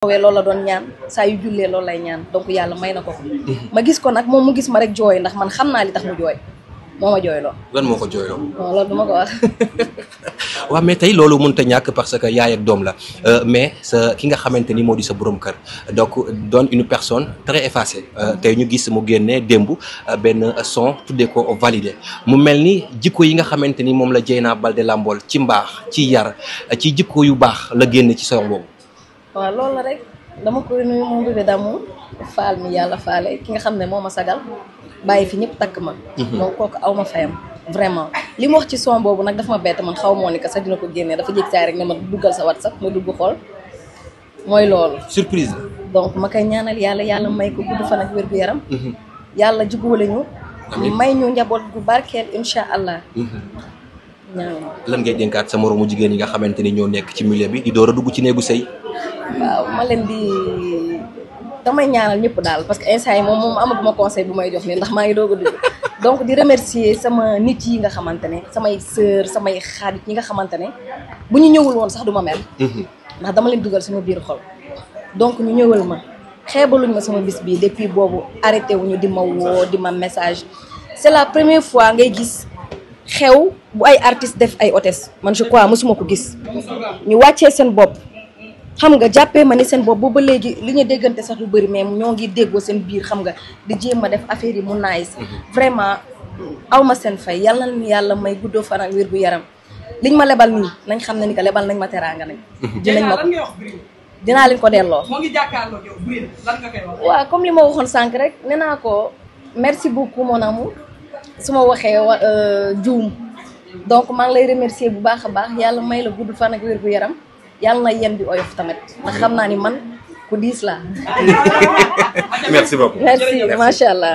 woowee lola la doon ñaan sa yu jullee loolu lay ñaan donc yàlla may na ko ma gis ko nag moom gis ma rek joy ndax man xam li tax mu jooy moo joy lo lan moo ko lo non loolu du ma ko wax waaw mais tey loolu mënta ñàkk parce que yaay ak dom la euh, mais sa ki nga xamante ni di sa borom kër donc doon une personne très effacée euh, tey ñu gis mu génnee dembu euh, ben son tuddee ko validé mu mel ni jikko yi nga xamante ni moom la Dieyna Baldé lambol ci mbaax ci yar ci jikko yu baax la génn ci son boobu waa loolu la rek dama koy nuyu moom bébé damu faal mi yàlla faale ki nga xam ne moo ma sagal bàyyi fi ñëpp takk ma mhm. donc kooku aw ma fayam vraiment li mu wax ci son boobu nag dafa ma bett man xaw moo ni que sax dina ko génnee dafa jég saay rek ne ma duggal sa whatsapp ma duggu xool mooy loolu surprise donc ma koy ñaanal yàlla yàlla may ko gudd fan ak wér gu yaram mhm. yàlla jubóole ñu may ñu njaboot gu barkeel incha allah mhm. lan ngay dénkaat sa moromu jigen yi nga xamanteni ñoo nekk ci milieu bi di doora dugg ci neegu sey waaw ma leen di damay ñaanal ñepp daal parce que instant mom mom amu ma conseil bu may jox leen ndax ma ngi doog dugg donc di remercier sama nit yi nga xamante sama sœur sama xarit yi nga xamante bu ñu ñewul woon sax duma mel mhm. ndax dama leen duggal sama biir xol donc ñu ñewul ma xébaluñ ma sama bis bi depuis bobu arrêté wuñu di ma wo di ma message c'est la première fois ngay gis xew bu ay artistes def ay hôtesse man je crois mosuma ko gis ñu wàccee seen bopp xam nga jàppee ma ni seen bopp ba léegi li ñu déggante sax lu bëri mais ñoo ngi déggoo seen biir xam nga di jéem a def affaire yi mu nice mhm. vraiment aw ma seen fay yàlla na yàlla may guddoo fan ak wér gu yaram liñ ma lebal nii nañ xam ne ni que lebal nañ ma teraanga nañ. Mhm. dinañ ma ko dinaa leen ko delloo. moo ngi jàkkaarloo yow lan nga koy wax. waaw comme li ma waxoon sànq rek nee naa ko merci beaucoup mon su ma waxee euh, juum donc man lay remercier bu baax a baax yàlla may la gudd fan ak wér gu yaram yàlla na yem bi oyof tamit ndax xam naa ni man ku diis laa. merci beaucoup merci macha allah.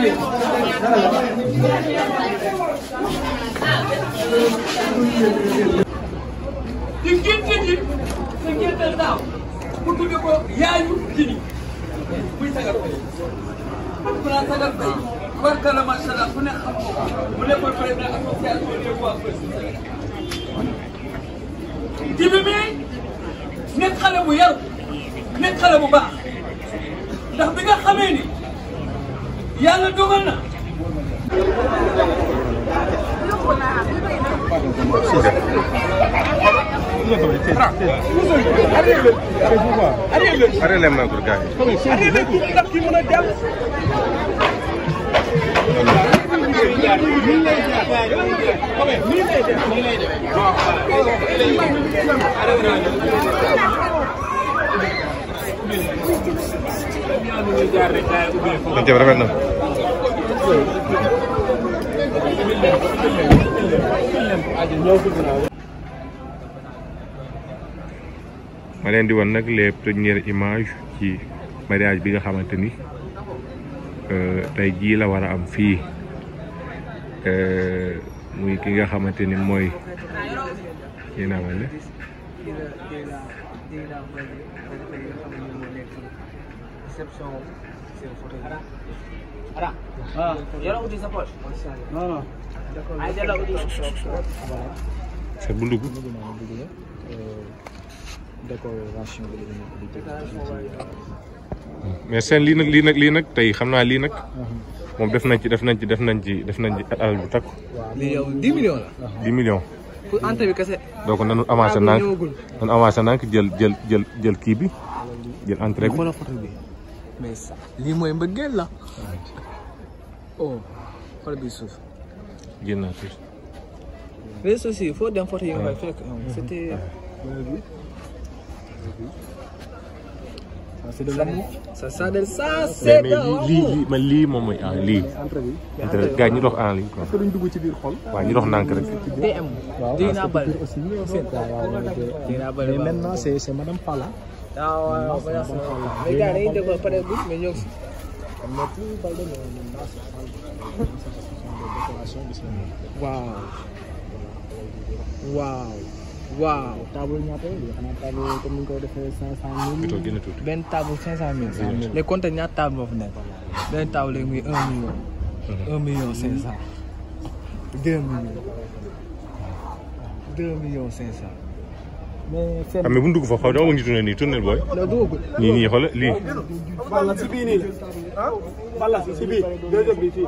ci ngénte gi sa ngénteel mu tudde ko yaayu gini muy sagal fay pourtant sagal fay barkala macha allah ku ne xam ko mu nekkoon président association des voix Sénégal ji bi mii nekk xale bu yaru nekk xale bu baax ndax bi nga xamee yàlla dogal na. Nanti berapa nih? ma leen di wan nag les premières images ci mariage bi nga xamante ni tay jii la war am fii muy ki nga xamante ni mooy kii naa ma ne Ara. Ah. Yala udi support. Ah. Ai jala udi. Sa bulugu. D'accord, ration bi dina ko dite. Mais seen lii nag lii nag lii nag tey xam naa lii nag moom def nañ ci def nañ ci def nañ ci def nañ ci alal bu takku. Lii yow 10 millions la. 10 millions. pour ante bi kese. donc nanu avancé nank nanu avancé nank jël jël jël jël kii bi jël entrée bi mais ça lii mooy oh xool bi suuf génn naa tuuti réseaux sociaux foo dem photo yi nga fekk c'est de l'amour ça ça de ça c'est de l'amour lii lii man lii moom mooy ah lii entre gars ñu dox en quoi est-ce que dugg ci biir xol ñu dox rek DM maintenant c'est c'est madame Pala Ah ouais, on va là. Regardez, il devrait pas les bouches, mais il On met tout le balde dans le benn table 500 000. les comptes ñaata table moo benn table léegi muy 1 million. 1 million 500. 2 millions. 2 millions 500. mais seen bu ñu dugg foofu xaw dama bëgg ñu tourné nii tourné booy. nii nii xoolal lii. walla si bii nii walla si bii deuxième bi fii.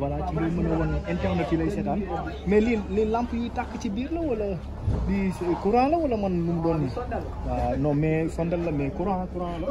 voilà ci li mën a wan internet yi lay seetaan mais lii lii lamp yi tàkk ci biir la wala lii courant la wala man lu doon nii. waaw non mais sondal la mais courant courant la.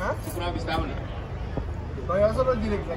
Hah? habis tahun ya? Bayar solo eh,